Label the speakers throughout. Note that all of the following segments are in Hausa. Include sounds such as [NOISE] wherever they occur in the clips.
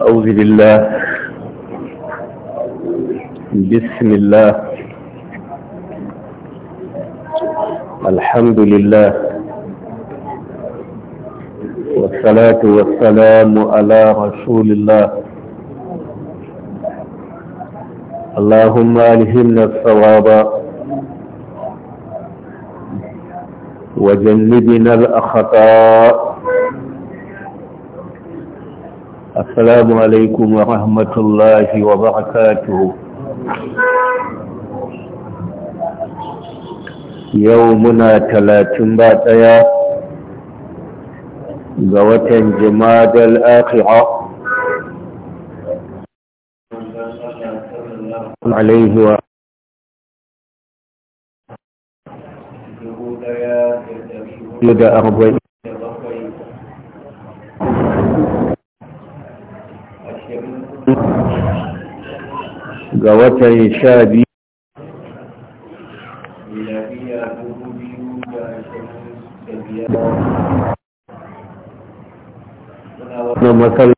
Speaker 1: أعوذ بالله
Speaker 2: بسم الله الحمد لله
Speaker 1: والصلاة والسلام على رسول الله اللهم ألهمنا الصواب وجنبنا الأخطاء السلام عليكم ورحمة الله وبركاته يومنا ثلاثين باتيا قوة جماد الآخرة عليه
Speaker 2: da arba'in
Speaker 1: ga watan sha biyu na masallaci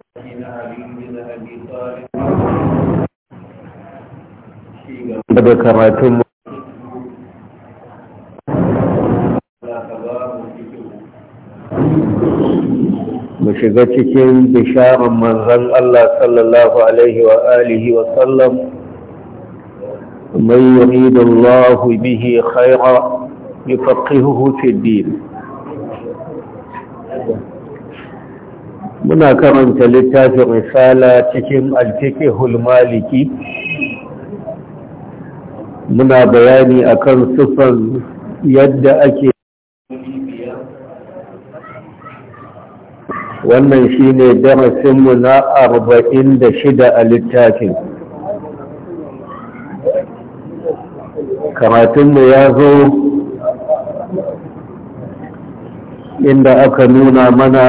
Speaker 1: da karatunmu shiga cikin bisharar manzan Allah sallallahu alaihi wa alihi wa sallam man yuridu Allah bihi khaira yufaqihuhu fi din muna karanta littafin risala cikin al-fiqhul maliki muna bayani akan sufan yadda ake
Speaker 2: wannan shine darasinmu na arba'in
Speaker 1: da shida a littafin karatunmu ya zo inda aka nuna mana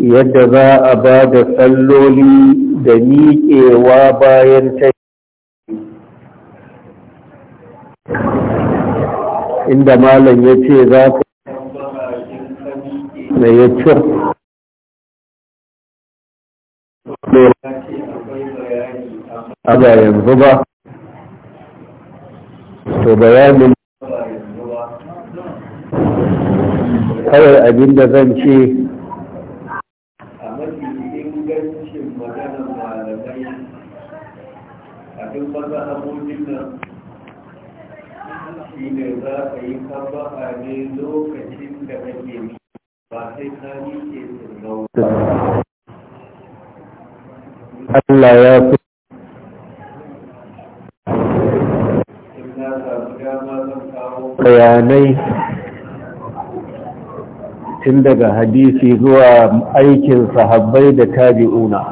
Speaker 2: yadda za
Speaker 1: a ba da tsalloli da miƙewa bayan ta inda malam ya ce za ka
Speaker 2: da ya cir
Speaker 1: a ba yanzu ba to bayanin kawai abin da zan ce abin maza nan shi ne za a yi kaba a ne lokacin da kake Allah ya fi bayanai tun daga hadisi zuwa aikin sahabbai da tabi'una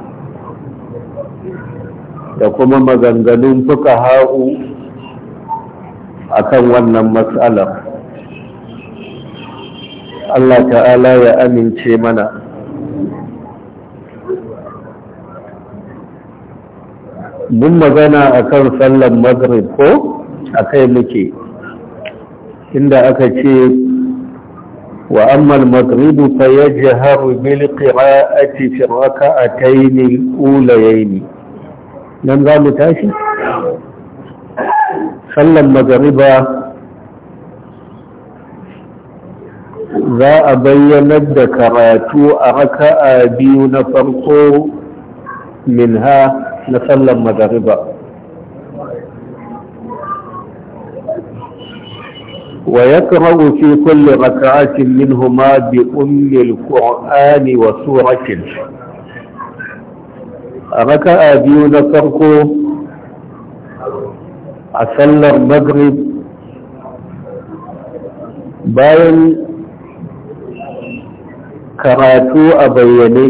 Speaker 1: da kuma maganganun fuka ha'u a kan wannan matsalar
Speaker 2: Allah ta'ala
Speaker 1: ya amince mana mun magana akan sallar maghrib ko kai muke inda aka ce wa ammal al-maghrib fa yajharu bil qira'ati fi rak'atayn al nan za mu tashi sallar maghriba za a bayyanar da karatu a raka'a biyu na farko min ha na sallar magariba wa ya karagu fi kulle raka'acin min huma bi ummil ƙo'ani wa surakin a raka'a biyu na farko a sallar magrib bayan karatu a bayyane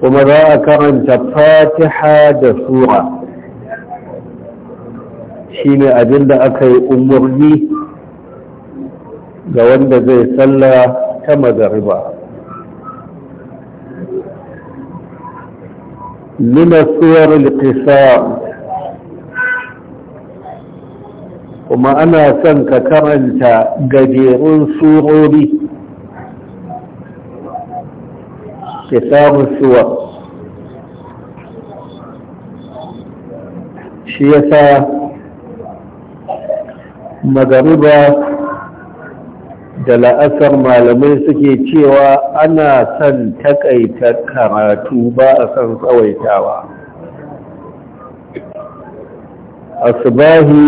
Speaker 1: kuma za a karanta fatiha da sura shi ne abinda aka yi umarni ga wanda zai sallah ta magariba
Speaker 2: Nuna الصور القصار
Speaker 1: kuma ana son ka karanta gajerun surori kitabu suwa shi yasa magariba da la'asar malamai suke cewa ana son takaita karatu ba a son tsawaitawa asubahi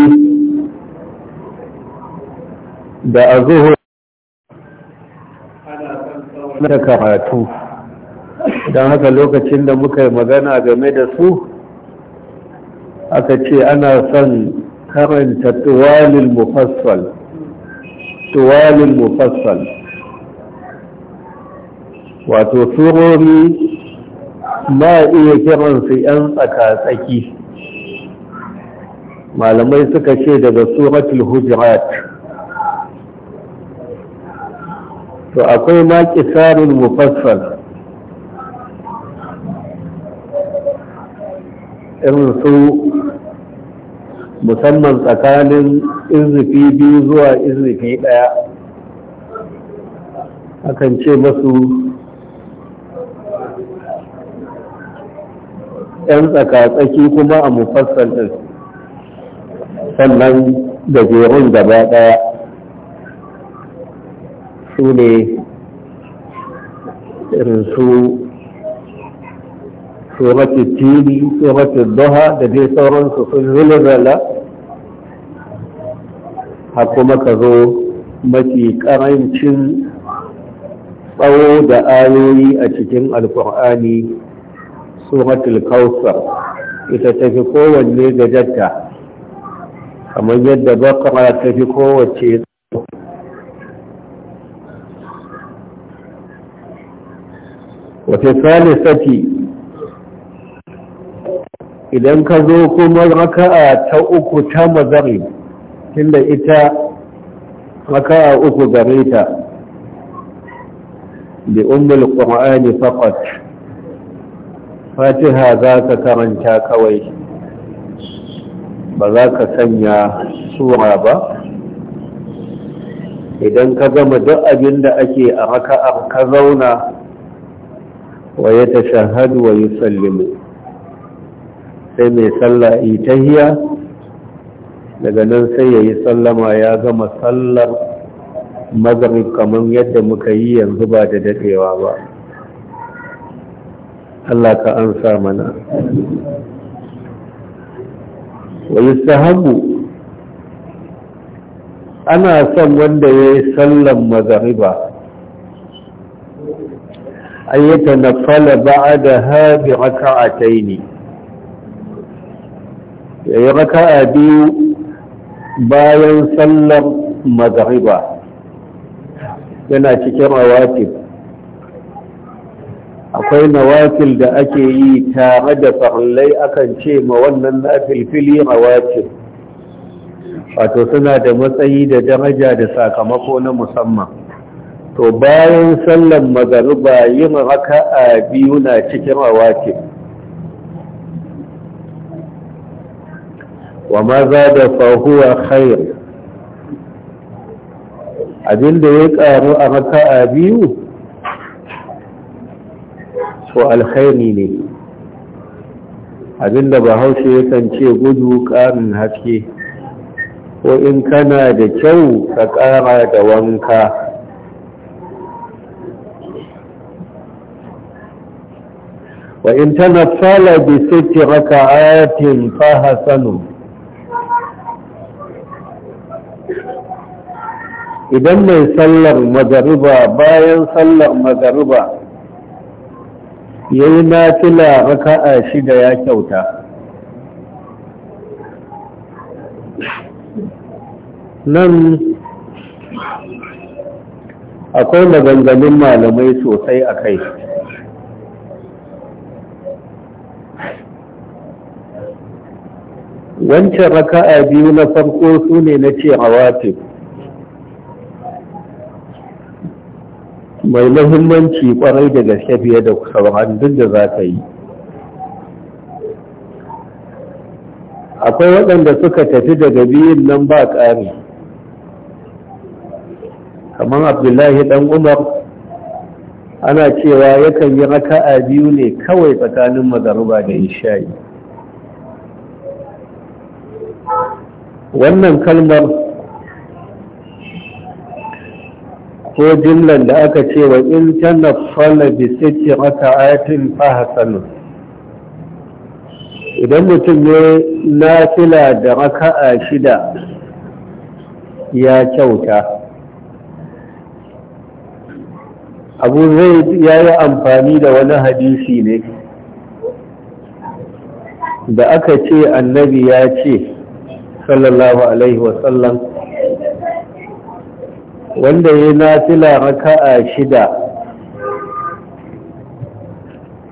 Speaker 1: da zuhu ana son tsawaita karatu don haka lokacin da muka yi magana game da su aka ce ana son karanta tuwalin mufassal tuwalin mufassal wato surori ba iya kiransu 'yan tsaka-tsaki malamai suka ce daga suratul hujjirat
Speaker 2: to akwai ma kisarul mufassal
Speaker 1: irin musamman tsakanin izifi biyu zuwa izifi ɗaya akan ce masu
Speaker 2: ‘yan kuma a mufassal
Speaker 1: ɗin sannan gajerun gaba ɗaya su ne irin suratul tiri suratul duha da dai sauransu sun zulzala a kuma ka zo mafi karancin tsawo da ayoyi a cikin alkur'ani suratul kawsar ita ta fi kowanne gajarta
Speaker 2: kamar yadda bakara ta fi kowace
Speaker 1: wata salisati idan ka zo kuma raka'a ta uku ta mazari tunda ita raka'a uku gare ta bi ummul qur'ani faqat fatiha za ka karanta kawai ba za ka sanya sura ba idan ka gama duk abin da ake a raka'ar ka zauna wa ya tashahadu wa yusallimu sai mai sallah itahiya daga nan sai ya yi sallama ya gama sallar magarib kamar yadda muka yi yanzu ba da dadewa ba Allah ka an sa mana wani sahabu ana son wanda ya yi sallan magariba an yi na nafala ba da haɗi raka a taini ya yi a biyu bayan sallar magariba yana cikin rawatib akwai nawafil da ake yi tare da farallai akan ce ma wannan na filfili rawatib wato suna da matsayi da daraja da sakamako na musamman to bayan sallar magariba yin raka a biyu na cikin rawatib Wa maza da خير abin da ya karu a a biyu
Speaker 2: to alkhairi
Speaker 1: ne abin da bahaushe yakan ce gudu karin haske ko in kana da kyau ka kara da wanka wa in tana fala bi sitti raka'atin fa hasanu idan mai sallar magariba bayan sallar magariba ya yi nafila raka'a shida ya kyauta nan akwai maganganun malamai sosai a kai wancan raka'a biyu na farko su ne na ce hawatif mai mahimmanci kwarai da gaske fiye da sauran duk da za ka yi akwai waɗanda suka tafi daga biyun nan ba ƙari kamar abdullahi ɗan umar ana cewa yakan yi raka a biyu ne kawai tsakanin mazaruba da isha'i wannan kalmar ko jimlar da aka ce wa in fana bi sitti raka'atin fa idan mutum ya nafila da raka'a shida ya kyauta abu zai ya yi amfani da wani hadisi ne
Speaker 2: da aka ce annabi ya ce
Speaker 1: sallallahu alaihi wasallam wanda ya nafila raka'a shida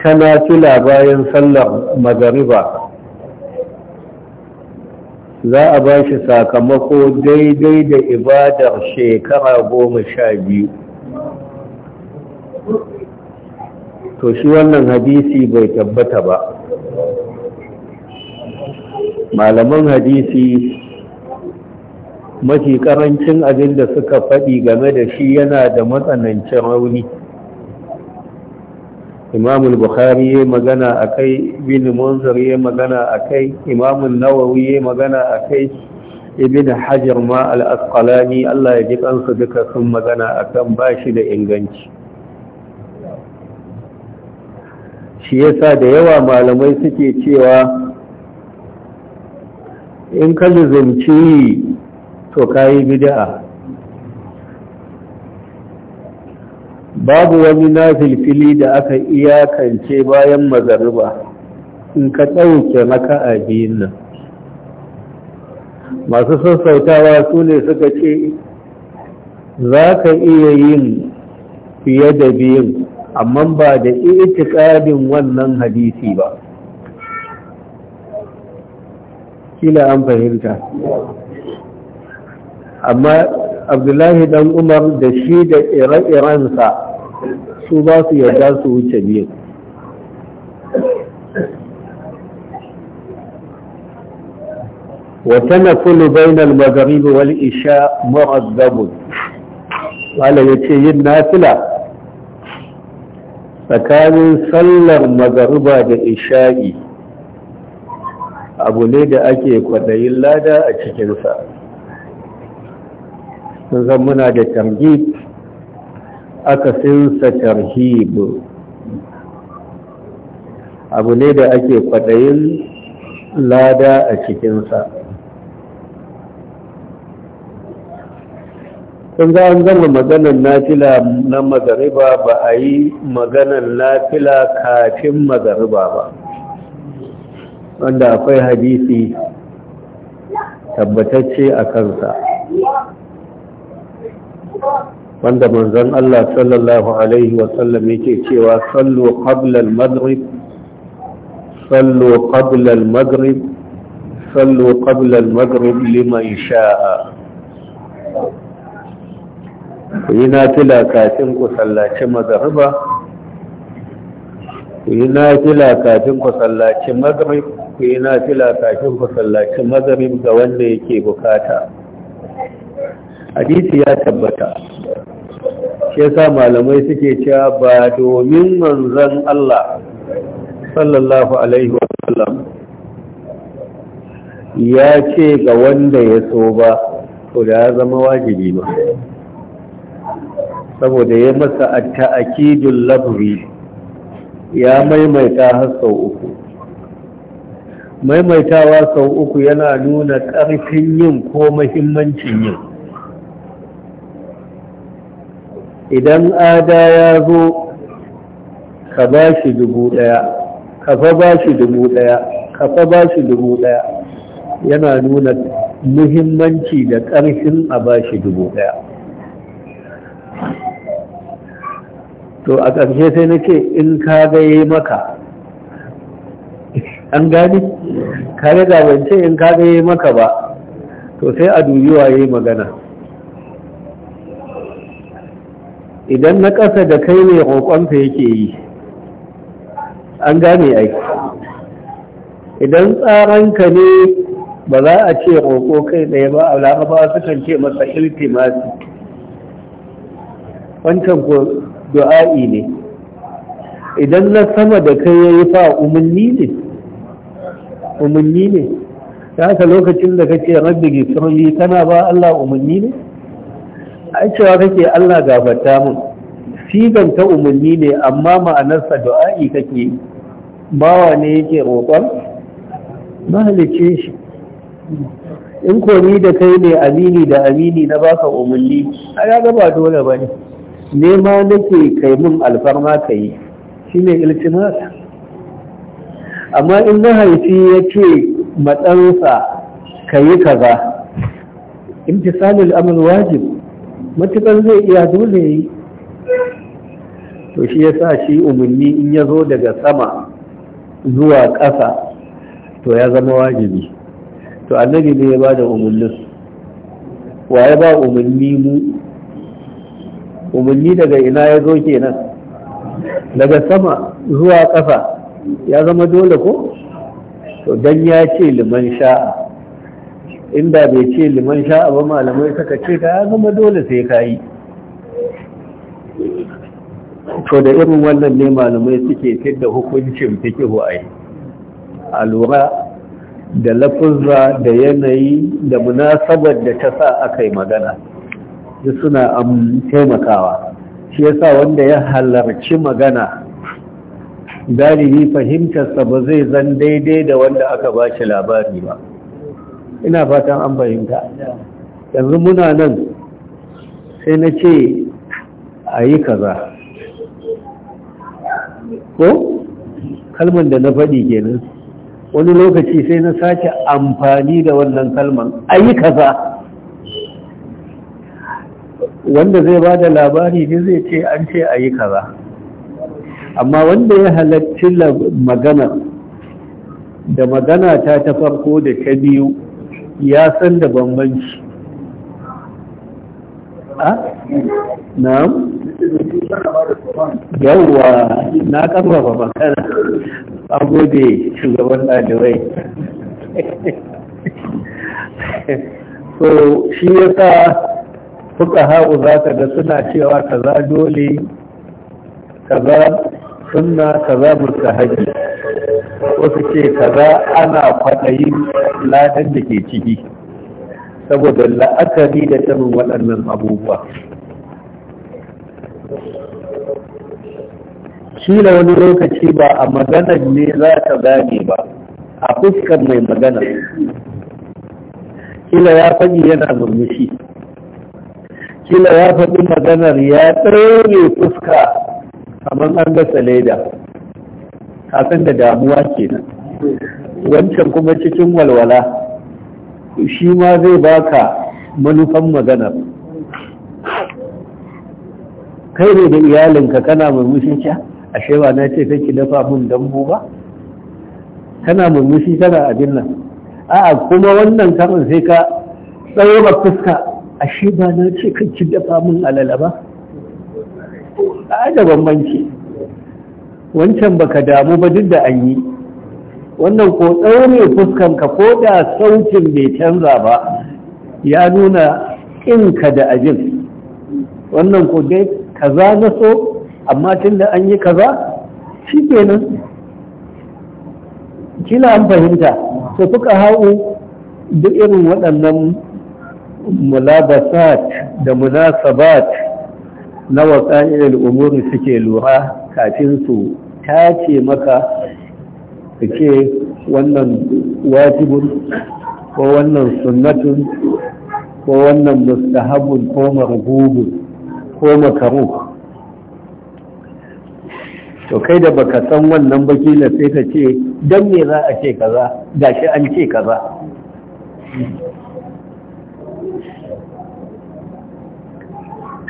Speaker 1: ta nafila bayan sallar magariba za a ba shi sakamako daidai da ibadar shekara goma sha biyu to shi wannan hadisi bai tabbata ba malaman hadisi mafi karancin abin da suka faɗi game da shi yana da matsanancin rauni imamul bukhari ya magana a kai bin munzir ya magana a kai imamun nawawi ya magana a kai ibn hajar ma al-asqalani allah ya ji kansu duka sun magana a kan ba shi da inganci shi yasa da yawa malamai suke cewa in ka zuzunci to kayi bid'a babu wani nafilfili da aka iyakance bayan magariba in ka ɗauke maka a biyun nan masu sassautawa su ne suka ce za ka iya yin fiye da biyun amma ba da itikadin wannan hadisi ba kila an fahimta amma abdullahi dan umar da shi da ire-irensa su ba su su wuce biyu na kulu bainar magharibi wal isha muraddabun
Speaker 2: wala yace yin nafila
Speaker 1: tsakanin sallar magariba da isha'i abu ne da ake kwaɗayin lada a cikinsa. sun zan muna da aka sinsa tarhib abu ne da ake kwaɗayin lada a cikinsa sun za an zama maganan nafila na magariba ba a yi maganan nafila kafin magariba ba wanda akwai hadisi
Speaker 2: tabbatacce a kansa
Speaker 1: wanda manzon Allah sallallahu alaihi wasallam yake cewa sallu qabla al-maghrib sallu qabla al-maghrib sallu qabla al-maghrib liman sha'a yi fila kafin ku sallaci maghriba ku yi fila kafin ku sallaci maghrib ku yi fila kafin ku sallaci maghrib ga wanda yake bukata hadisi ya tabbata shi yasa malamai suke cewa ba domin manzon Allah sallallahu alaihi wa sallam ya ce ga wanda ya so ba to da ya zama wajibi ba saboda ya masa ta'akidul lafzi ya maimaita har sau uku maimaitawa sau uku yana nuna ƙarfin yin ko mahimmancin yin idan ada ya zo ka ba shi dubu ɗaya ka fa ba shi dubu ɗaya ka fa ba shi dubu ɗaya yana nuna muhimmanci da ƙarfin a ba shi dubu ɗaya to a ƙarshe sai na ce in ka gaye maka an gani ka ga ban ce in ka gaye maka ba to sai a dubi waye magana idan na ƙasa da kai mai roƙonsa yake yi an gane aiki idan tsaranka ne ba za a ce roƙo kai ɗaya ba a su sukan ce masa masu wancan ko du'a'i ne idan na sama da kai ya yi fa umarni ne umarni ne ta haka lokacin da kace rabbi gifirli tana ba Allah umarni ne ai cewa kake Allah gafarta mun sigan ta umarni ne amma ma'anarsa du'a'i kake bawa ne yake roƙon mahalice shi in ko ni da kai ne amini da amini na baka umarni a ya gaba dole ba ne nema nake kai mun alfarma kayi. shi ne iltimas amma in haifi ya ce matsansa ka yi kaza imtisalul amr wajib matukar zai iya dole yi to shi ya sa shi umarni in ya zo daga sama zuwa ƙasa to ya zama wajibi to annabi ne ya ba da umarnin wa ya ba umarni mu umarni daga ina ya zo kenan daga sama zuwa ƙasa ya zama dole ko to don ya ce liman sha'a inda bai ce liman sha'a ba malamai suka ce ta ya zama dole sai ka yi to da irin wannan ne malamai suke da hukuncin fiki a a lura da lafuzza da yanayi da munasabar da ta sa aka yi magana su suna taimakawa shi yasa wanda ya halarci magana galibi fahimtarsa ba zai zan daidai da wanda aka ba shi labari ba ina fatan an fahimta yanzu muna nan sai na ce a yi kaza ko kalman da na faɗi kenan wani lokaci sai na sake amfani da wannan kalman a yi kaza wanda zai ba da labari ne zai ce an ce a yi kaza amma wanda ya halarci magana da magana ta ta farko da ta biyu ya san da bambanci ah? na yawwa na karfafa magana a gode shugaban ɗalibai so shi ya sa fuka ha'u za ka ga suna cewa za dole ka kaza sunna kaza haji wasu ce kaza ana kwaɗayin ladan da ke ciki saboda la'akari da tsarin waɗannan abubuwa shi da wani lokaci ba a maganar ne za ka gane ba a fuskar mai magana kila ya faɗi yana murmushi kila ya faɗi maganar ya tsere fuska kamar an gasa leda kafin da damuwa ke nan. wancan kuma cikin walwala shi ma zai baka manufan maganar kai ne da iyalinka kana murmushi ce ashe ba na ce kake dafa mun dambu ba kana murmushi kana abin nan a'a kuma wannan karin sai ka tsaye ba fuska ashe ba na ce kake dafa mun alala ba ai da bambanci wancan baka damu ba duk da an yi wannan ko tsaure ka ko da saukin bai canza ba ya nuna ƙinka da abin wannan ko dai kaza na so amma tun da an yi kaza shi kenan kila an fahimta to fuka hau duk irin waɗannan mulabasat da munasabat na wasa'irar umuri suke lura kafin su tace maka su ke wannan wajibin ko wannan sunnatun ko wannan mustahabun ko marububun
Speaker 2: ko makaru
Speaker 1: to kai da baka san wannan bakila sai ka ce don me za a ce kaza shi an ce kaza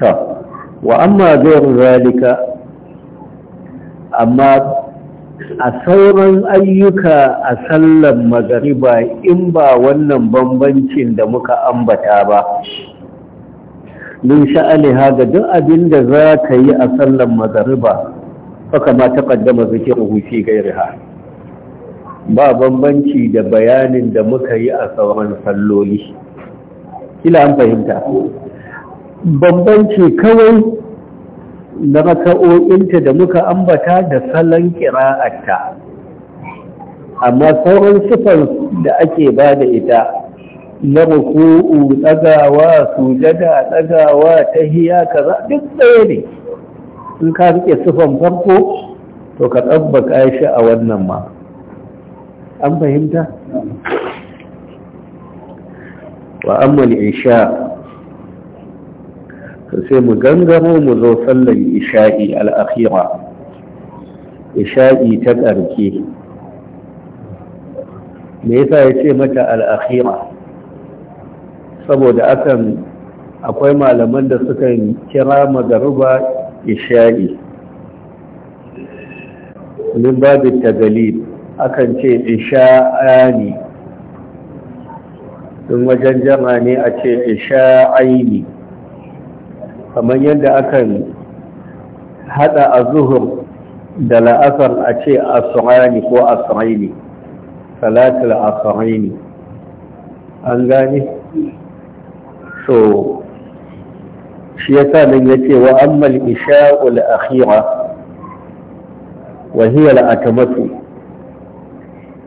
Speaker 1: ta wa amma gairu zalika amma a sauran ayyuka a sallan magariba in ba wannan bambancin da muka ambata ba min sha'ani haga duk abin da za ka yi a sallan magariba haka ma ta kaddama zikin rufi gairiha ba bambanci da bayanin da muka yi a sauran salloli kila an fahimta bambanci kawai da maka'o'inta da muka ambata da salon kira'arta amma sauran sifar da ake ba da ita na ruku'u tsagawa sujada tsagawa tahiya kaza duk tsaye ne in ka rike sifan farko to ka tsabbaka shi a wannan ma an fahimta wa amma sha. sai mu gangaro mu zo sallar isha'i al'akhira isha'i ta ƙarke me yasa ya ce mata al'akhira saboda akan akwai malaman da suka kira magaruba isha'i min babin tagalib akan ce isha'ani in wajen jama ne a ce isha'aini kamar yadda aka hada a zuhur da la'asar a ce asirani ko asiraini salatul asiraini an gani so shi ya sa nan ya ce wa ammal isha'ul akhira wa hiya al'atamatu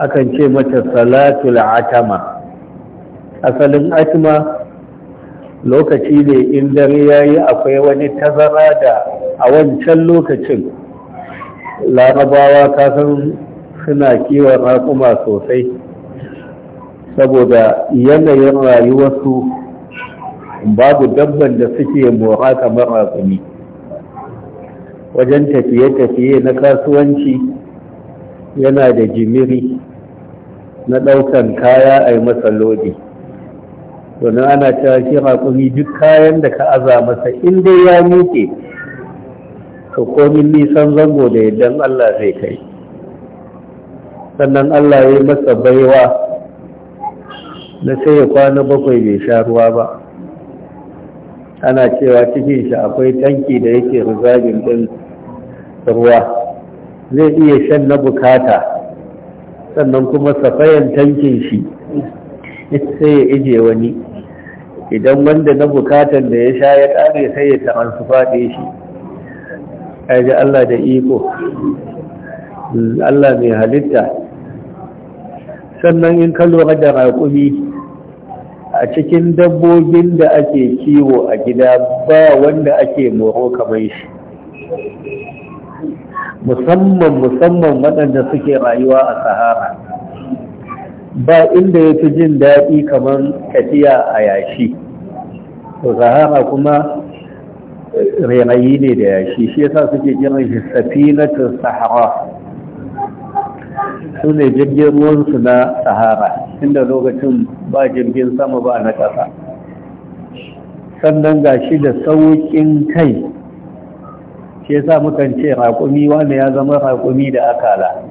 Speaker 1: akan ce mata salatul atama asalin atma lokaci ne in dare ya yi akwai wani tazara da a wancan lokacin larabawa kasan suna kiwon raƙuma sosai saboda yanayin rayuwarsu babu dabban da suke mora kamar raƙumi wajen tafiye-tafiye na kasuwanci yana da jimiri na ɗaukan kaya a yi matsaloli domin ana cewa shi haƙuri duk kayan da ka aza masa in dai ya miƙe ka komin nisan zango da yadda Allah zai kai sannan Allah ya yi masa baiwa na sai ya kwana bakwai bai sha ruwa ba ana cewa cikin shi akwai tanki da yake rizabin ɗin ruwa zai iya shan na bukata sannan kuma safayan tankin shi sai ya ije wani idan wanda na bukatan da ya sha ya ƙare sai ya taransufa faɗe shi ji Allah da iko Allah mai halitta sannan in ka lura da raƙumi a cikin dabbobin da ake kiwo a gida ba wanda ake moro kamar shi musamman musamman waɗanda suke rayuwa a sahara ba inda ya fi jin daɗi kamar tafiya a yashi sahara kuma rairayi ne da yashi shi yasa suke kiran shi safinatu sahara su ne jirgin ruwansu na sahara inda lokacin ba jirgin sama ba na ƙasa sannan ga shi da sauƙin kai shi yasa mukan ce raƙumi wani ya zama raƙumi da akala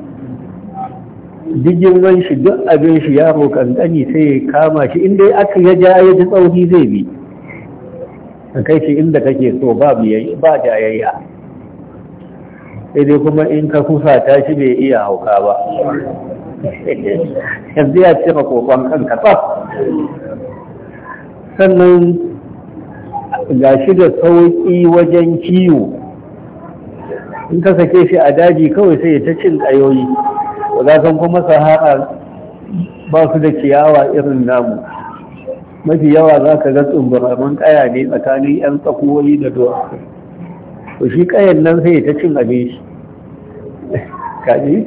Speaker 1: jirgin ruwan shi duk abin shi yaro kankani sai ya kama shi inda aka ya ja ya ji tsauri zai bi ka kai shi inda kake so ba ba jayayya sai kuma in ka ta shi bai iya hauka ba [LAUGHS] yanzu ya ce makokon kanka sannan ga shi da sauƙi wajen kiwo in ka sake shi a daji kawai sai ta cin ƙayoyi ba za kuma sahara ba su da ciyawa irin namu mafi yawa za ka ga tsumburaman kaya ne tsakanin 'yan tsakuwoyi da duwa to shi kayan nan sai ta cin abinci kaji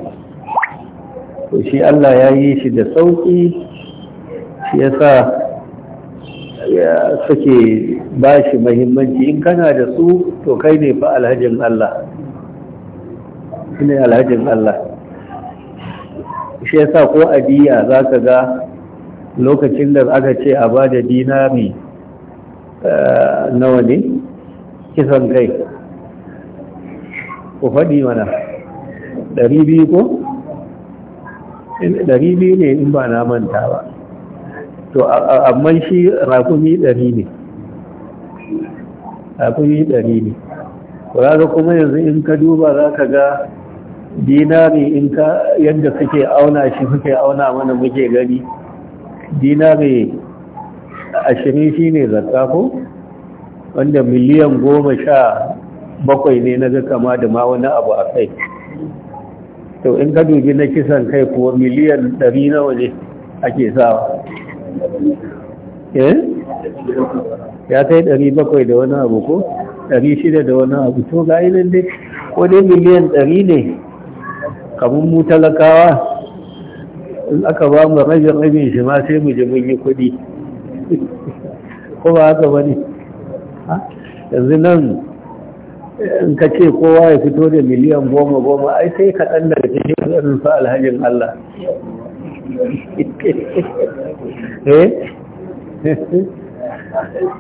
Speaker 1: to shi Allah ya yi shi da sauki shi ya sa suke ba shi mahimmanci in kana da su to kai ne fa alhajin Allah shi ne alhajin Allah shi ya sa ko adiya za ka ga lokacin da aka ce a ba da dinami eh, nawa ne kisan kai ku faɗi mana ɗari biyu ko? ɗari biyu ne in ba na manta ba to amma shi rakumi ɗari ne rakumi ɗari ne ƙuraga kuma yanzu in ka duba za ka ga dinari in ka yadda suke auna shi suke auna mana muke gani dinari ashirin shi ne zarta ko wanda miliyan goma sha bakwai ne na kama da ma wani abu a kai to in ka dubi na kisan kai kuwa miliyan ɗari nawa ne ake sawa eh? ya kai ɗari bakwai da wani abu ko ɗari shida da wani abu to ga ilin dai ko dai miliyan ɗari ne kamun mutalakawa talakawa in aka ba mu rabin rabin shi ma sai mu ji mun yi kuɗi ko ba haka ba ne yanzu nan in ka ce kowa ya fito da miliyan goma goma ai sai kaɗan da cikin tsarin sa alhajin Allah [LAUGHS] eh? [LAUGHS]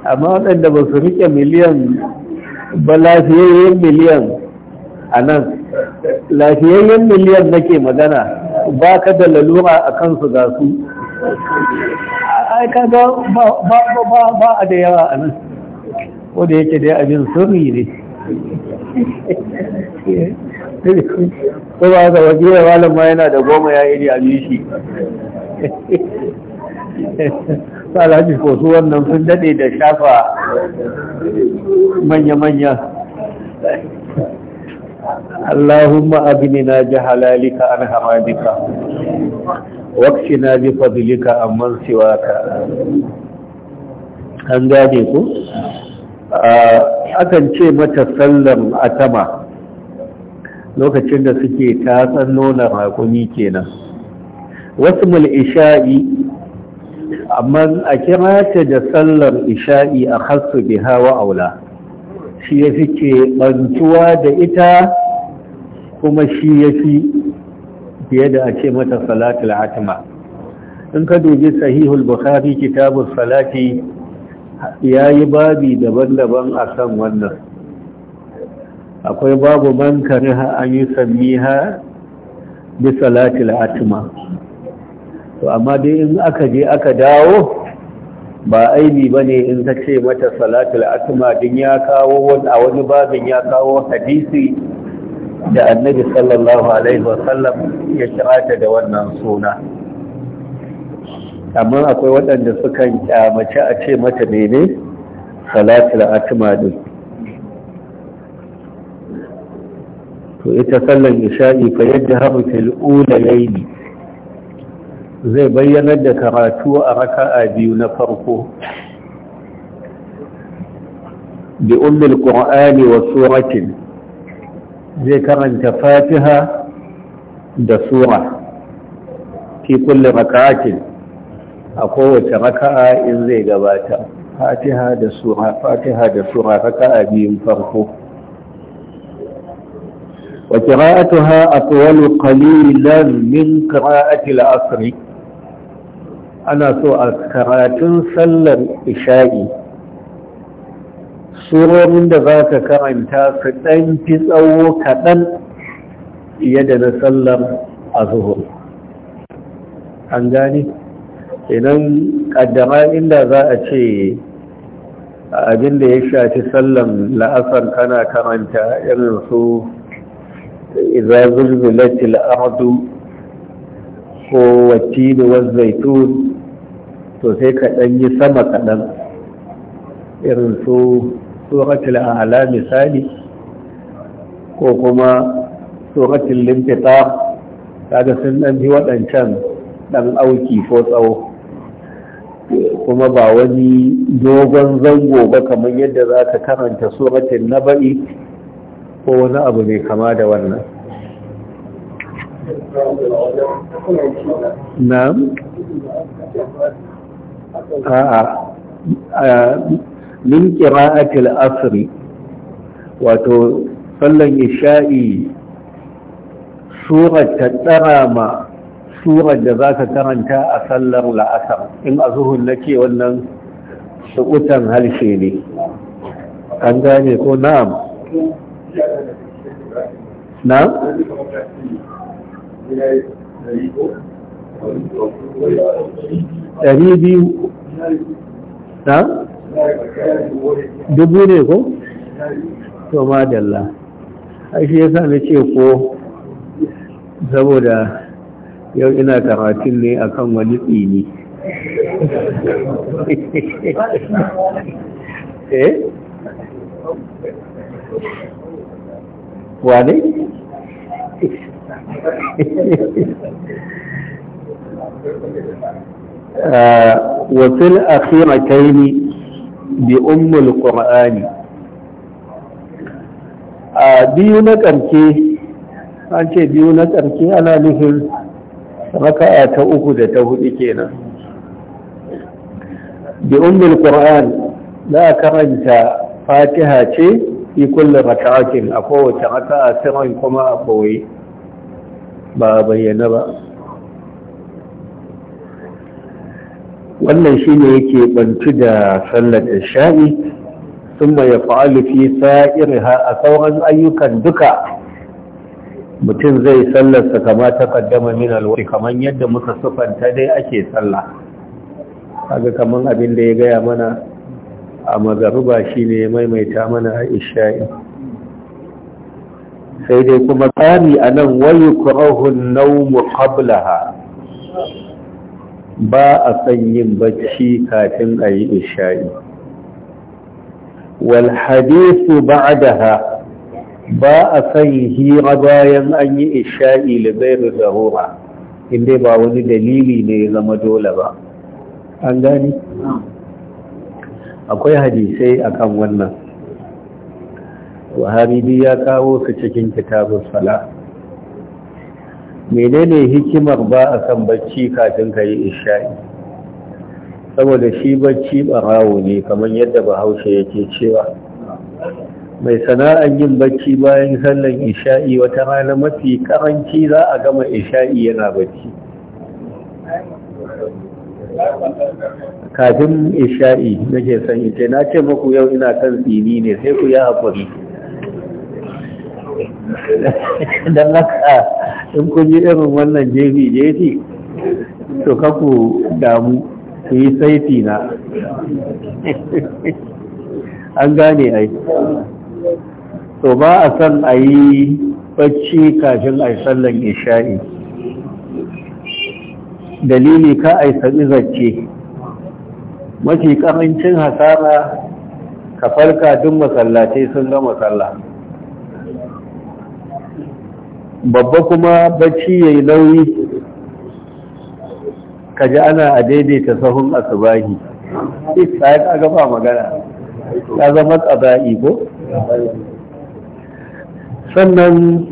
Speaker 1: amma waɗanda ba su rike miliyan ba lafiyayyen miliyan a nan lafiyayyen miliyan nake magana ba ka da lalura a kansu ga su ai kaga ba a da yawa a nan Ko da yake dai abin sirri ne ko ba ga waje da malam ma yana da goma ya iri a shi alhaji ko su wannan sun dade da shafa manya-manya اللهم أبننا جهلالك عن حرامك واكفنا بفضلك عمن سواك an gane ku akan ce mata sallar atama lokacin da suke tatsan nuna rakumi kenan wasu mul isha'i amma a kira da sallar isha'i a hasu biha wa aula shi ya fi ke da ita kuma shi ya fi fiye da a ce mata salatul hatima in ka dubi sahihul bukhari kitabul salati ya yi babi daban-daban a kan wannan akwai babu man ha an yi ha bi salatul atima. to amma dai in aka je aka dawo ba aibi ba ne in ka ce mata salatul atma din ya kawo a wani babin ya kawo hadisi da annabi sallallahu alaihi wasallam ya kira ta da wannan suna amma akwai waɗanda sukan kyamace a ce mata mene salatul atma din to ita sallan isha'i fa yadda hamu fil layli zai bayyanar da karatu a raka'a biyu na farko bi ummul qur'ani wa suratin zai karanta fatiha da sura fi kulle raka'atin a kowace raka'a in zai gabata fatiha da sura fatiha da sura raka'a biyun farko wa qira'atuha aqwalu qalilan min qira'ati al-asr ana so a karatun sallar isha'i surorin da za ka karanta su ɗan fi tsawo kaɗan fiye da na sallar a zuhur an gani idan ƙaddama inda za a ce abin da ya shafi sallar la'asar kana karanta irin su iza zulzilatil la'adu ko wacce da wasu zaitun to sai ka ɗanyi sama kaɗan irin su suratul a'la misali ko kuma suratul limfita kaga sun dan bi waɗancan ɗan auki ko tsawo kuma ba wani dogon zango ba kamar yadda za ka karanta na naba'i ko wani abu mai kama da wannan na'am a'a min qira'atil asri wato sallan isha'i surar ta tsara ma surar da za ka karanta a sallar la'asar in a zuhun ke wannan sukutan halshe ne an gane ko na'am na'am ɗari biyu na'am dubu ne ko? to madalla shi ya sami ce ko saboda yau ina karatun ne akan wani tsini [LAUGHS] eh wane?
Speaker 2: [LAUGHS]
Speaker 1: Ah, akwai الأخيرتين bi ummul qur'ani a biyu na ƙarke an ce biyu na ƙarke ana nufin raka'a ta uku da ta hudu kenan bi ummul qur'an za a karanta fatiha ce fi kulli raka'atin a kowace raka'a sirrin kuma a koyi ba bayyana ba wannan shi ne yake bantu da sallar isha'i ya fa’alu fi ha a sauran ayyukan duka mutum zai sallarsa kama ta kaddama min alwari kamar yadda muka sufanta dai ake salla Haka kamar abin da ya gaya mana a magaruba shine ya maimaita mana isha'i sai dai kuma tsari a nan wayi kurahun naumu qablaha ba a san yin bacci kafin a yi isha'i wal hadisu ba'daha ba a san hira bayan an yi isha'i libairu zahura inda ba wani dalili ne ya zama dole ba an gani akwai hadisai akan wannan buhari ya kawo su cikin kitabun sala menene hikimar ba a kan bacci kafin ka yi isha'i saboda shi bacci barawo ne kamar yadda bahaushe yake cewa mai sana'ar yin bacci bayan sallan isha'i wata rana mafi karanci za a gama isha'i yana bacci kafin isha'i nake son ita na ce maku yau ina kan tsini ne sai ku ya haƙuri
Speaker 2: [LAUGHS] don haka
Speaker 1: in kun irin wannan jefi jefi to kaku damu ku yi saiti na [LAUGHS] an gane ai to ba a san a yi bacci kafin a yi sallan isha'i dalili ka a yi sami zarce mafi karancin hasara ka farka duk masallatai sun gama sallah babba kuma bacci ya yi nauyi Ka ji ana a daidaita sahun asubahi sai ka ga magana ya zama tsada'i ko sannan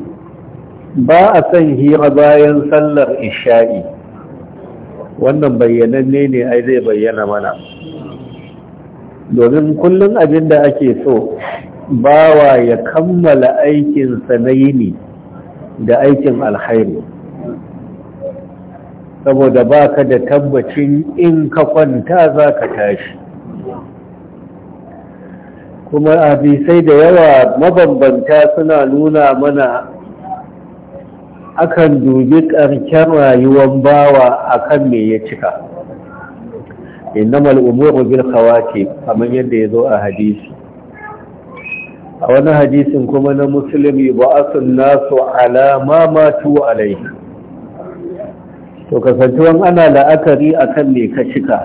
Speaker 1: ba a son hira bayan sallar isha'i wannan bayyananne ne ai zai bayyana mana domin kullum abin da ake so bawa ya kammala aikinsa na yini da aikin alhairi saboda baka da tabbacin in ka kwanta za ka tashi kuma abisai da yawa mabambanta suna nuna mana akan dubi ƙarshen rayuwan bawa akan me ya cika innamal umuru bil khawati kamar yadda ya zo a hadisi a wani hadisin kuma na musulmi ba sun nasu alama matu alai to kasantuwan ana la'akari akan me ka cika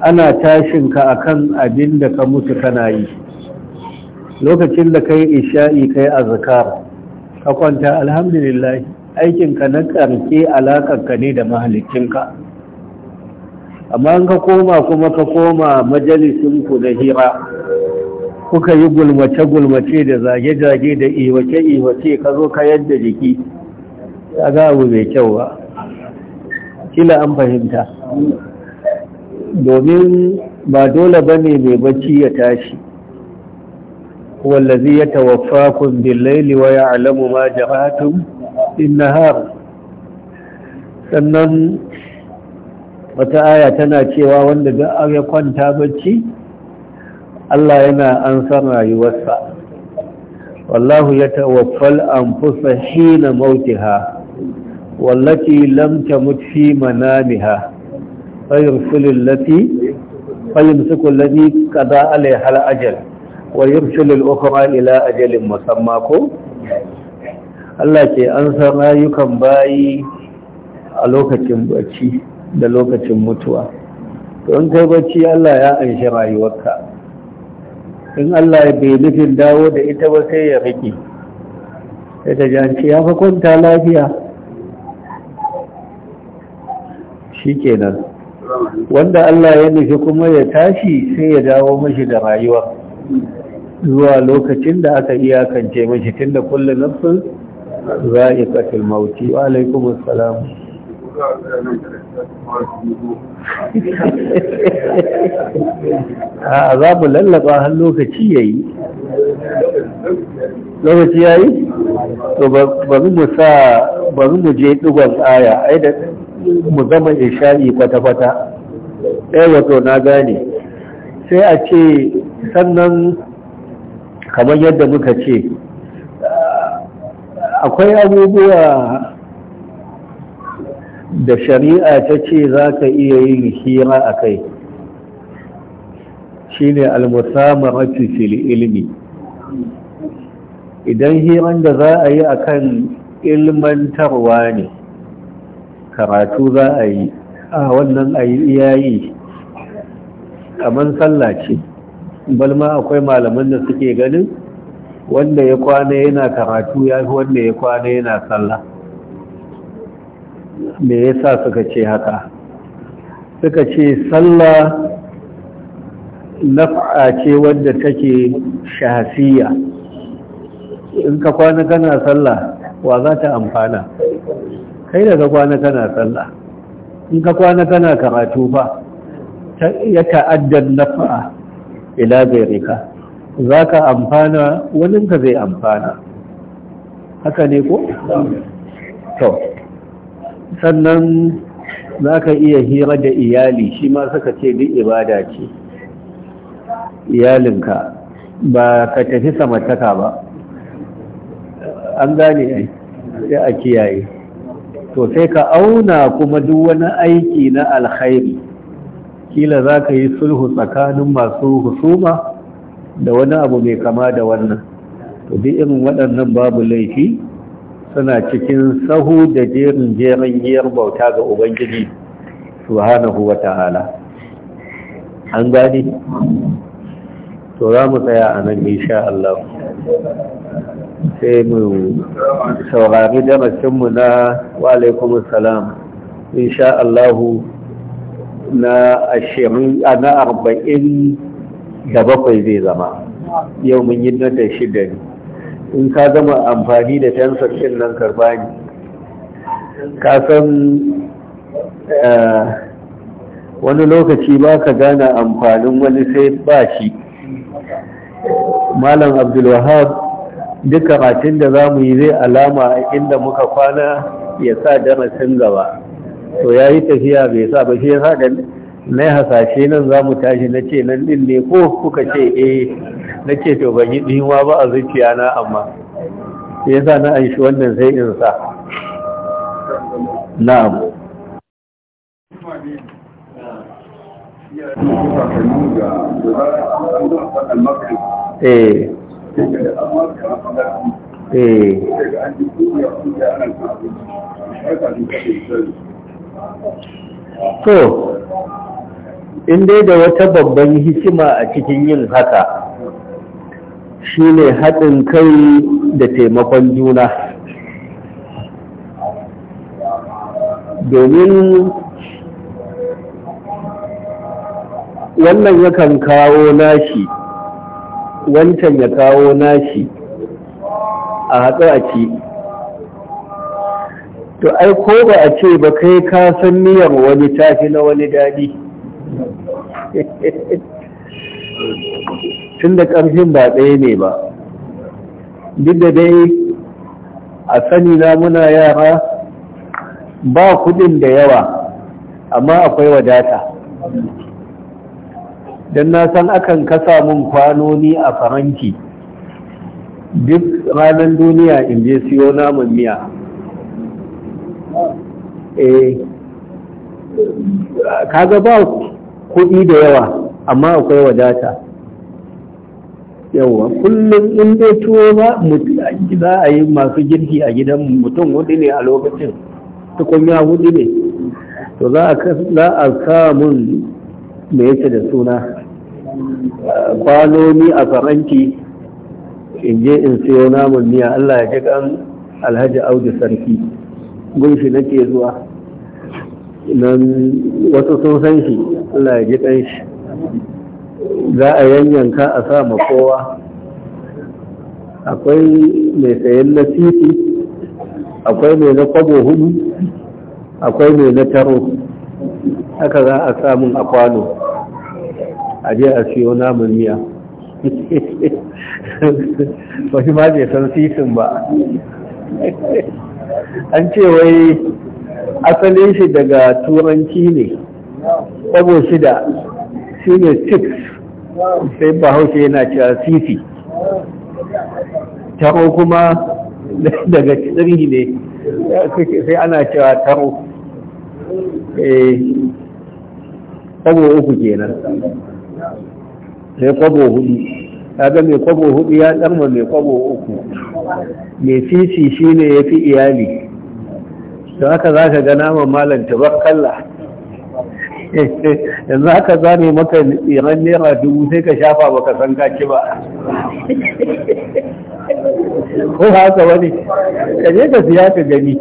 Speaker 1: ana tashinka akan abin da ka mutu kana yi lokacin da kai isha'i kai azkar ka kwanta alhamdulillah aikinka na karke ka ne da mahalicinka amma in ka koma kuma ka koma majalisinku na hira kuka yi gulmace-gulmace da zage-zage da iwace-iwace ka zo ka yadda jiki ya gawo mai kyau ba kila an fahimta domin ba dole ba ne mai bacci ya tashi wallazi ya kun billaili wa ya alamu ma jama'atun in sannan wata aya tana cewa wanda da ya kwanta bacci Allah yana ansa rayuwarsa wallahu ya tawaffal anfusa hina mautiha wallati lam tamut fi manamiha fayursilu allati fayumsiku allati qada alaiha al-ajal wa yursilu al-ukhra ila ajalin musamma ko Allah ke ansa rayukan bayi a lokacin bacci da lokacin mutuwa to in kai bacci Allah ya anshi rayuwarka in Allah bai nufin dawo da ita ba sai ya rike sai ta janci ya fa kwanta lafiya shi kenan wanda Allah ya nufi kuma ya tashi sai ya dawo mashi da rayuwa zuwa lokacin da aka iyakance mashi tun da kullum tunda a yi za'iqatul mauti wa alaikumus salamu. a za mu lallaba har lokaci ya yi lokaci ya yi to bari mu sa bari mu je digon aya ai da mu zama isha'i kwata-kwata ɗaya eh, wato na gane sai a ce sannan kamar yadda muka ce akwai abubuwa da shari'a ta ce za ka iya yin hira a kai shi ne almusamaratu fil ilmi idan hiran da za a yi a kan ilmantarwa ne karatu za a yi a wannan a yi iyayi kamar sallah ce balma akwai malaman da suke ganin wanda ya kwana yana karatu ya fi wanda ya kwana yana sallah me yasa suka ce haka suka ce sallah naf'a ce wanda take shafiya. in ka kwana kana sallah wa za ta amfana kai da ka kwana kana sallah in ka kwana kana karatu fa ya ta'addan naf'a. ila gairika za ka amfana waninka zai amfana haka ne ko? to sannan za ka iya hira da iyali shi ma suka ce duk ibada ce iyalinka ba ka tafi samartaka ba an gane ya a kiyaye to sai ka auna kuma duk wani aiki na alkhairi kila za ka yi sulhu tsakanin masu husuma da wani abu mai kama da wannan to duk irin waɗannan babu laifi suna cikin sahu da jerin jerin giyar bauta ga ubangiji subhanahu wa ta'ala an gani to za mu tsaya a nan insha Allah sai mu saurari darasinmu na walaikun salam insha Allah na ashirin na arba'in da bakwai zai zama yau mun yi na da shida ne in ka gama amfani da tensor ɗin nan karba ne ka san eh, wani lokaci ba ka gane amfanin wani sai ba shi malam abdulwahab duk karatun da za mu yi zai alama inda muka kwana ya sa darasin gaba to ya yi tafiya bai sa ba shi ya sa na hasashe nan za mu tashi na ce nan ɗin ne ko kuka ce eh na ce to ban yi ba a zuciya na amma ya sa na an shi wannan sai in sa na abu eh.
Speaker 2: eh.
Speaker 1: in dai da wata babban hikima a cikin yin haka shi ne haɗin kai da taimakon juna domin wannan yakan kawo nashi wancan ya kawo nashi a haɗu a ci to ai ko ba a ce ba kai ka san niyyar wani tafi na wani daɗi tun da ƙarfin ba ɗaya ne ba duk da dai a sani na muna yara ba kudin da yawa amma akwai wadata don na san akan kasa mun kwanoni a faranki, duk ranar duniya in je siyo namun miya eh kaga ba kuɗi da yawa amma akwai wadata yawa kullum in dai tuwo ba za a yi masu girki a gidan mutum hudu ne a lokacin tukunya hudu ne to za a samun mai yake da suna eh, kwanomi a faranti in je in siyo namun miya Allah ya kan alhaji audu sarki gunshi nake zuwa nan wasu sun san shi Allah ya ji shi za a yanyanka a sa ma kowa akwai mai sayan na titi akwai mai na kwabo hudu akwai mai na taro haka za a samun a kwano a je a siyo namun miya wasu ma bai san titin ba an ce wai asalin shi daga turanci ne kwabo shida shi ne six sai bahaushe yana cewa sisi taro kuma daga tsirgi ne sai ana cewa taro eh, kwabo uku kenan sai kwabo hudu ga mai kwabo hudu ya ɗarma mai kwabo uku mai sisi shi ne ya fi iyali don haka za ka gana mamalanta malam tabakalla [LAUGHS] yanzu haka zane maka iran naira dubu sai ka shafa baka san kaki ba
Speaker 2: [LAUGHS] ko haka wani ka je ka siya ka gani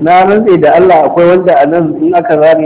Speaker 2: na rantse da Allah akwai wanda a nan in aka zane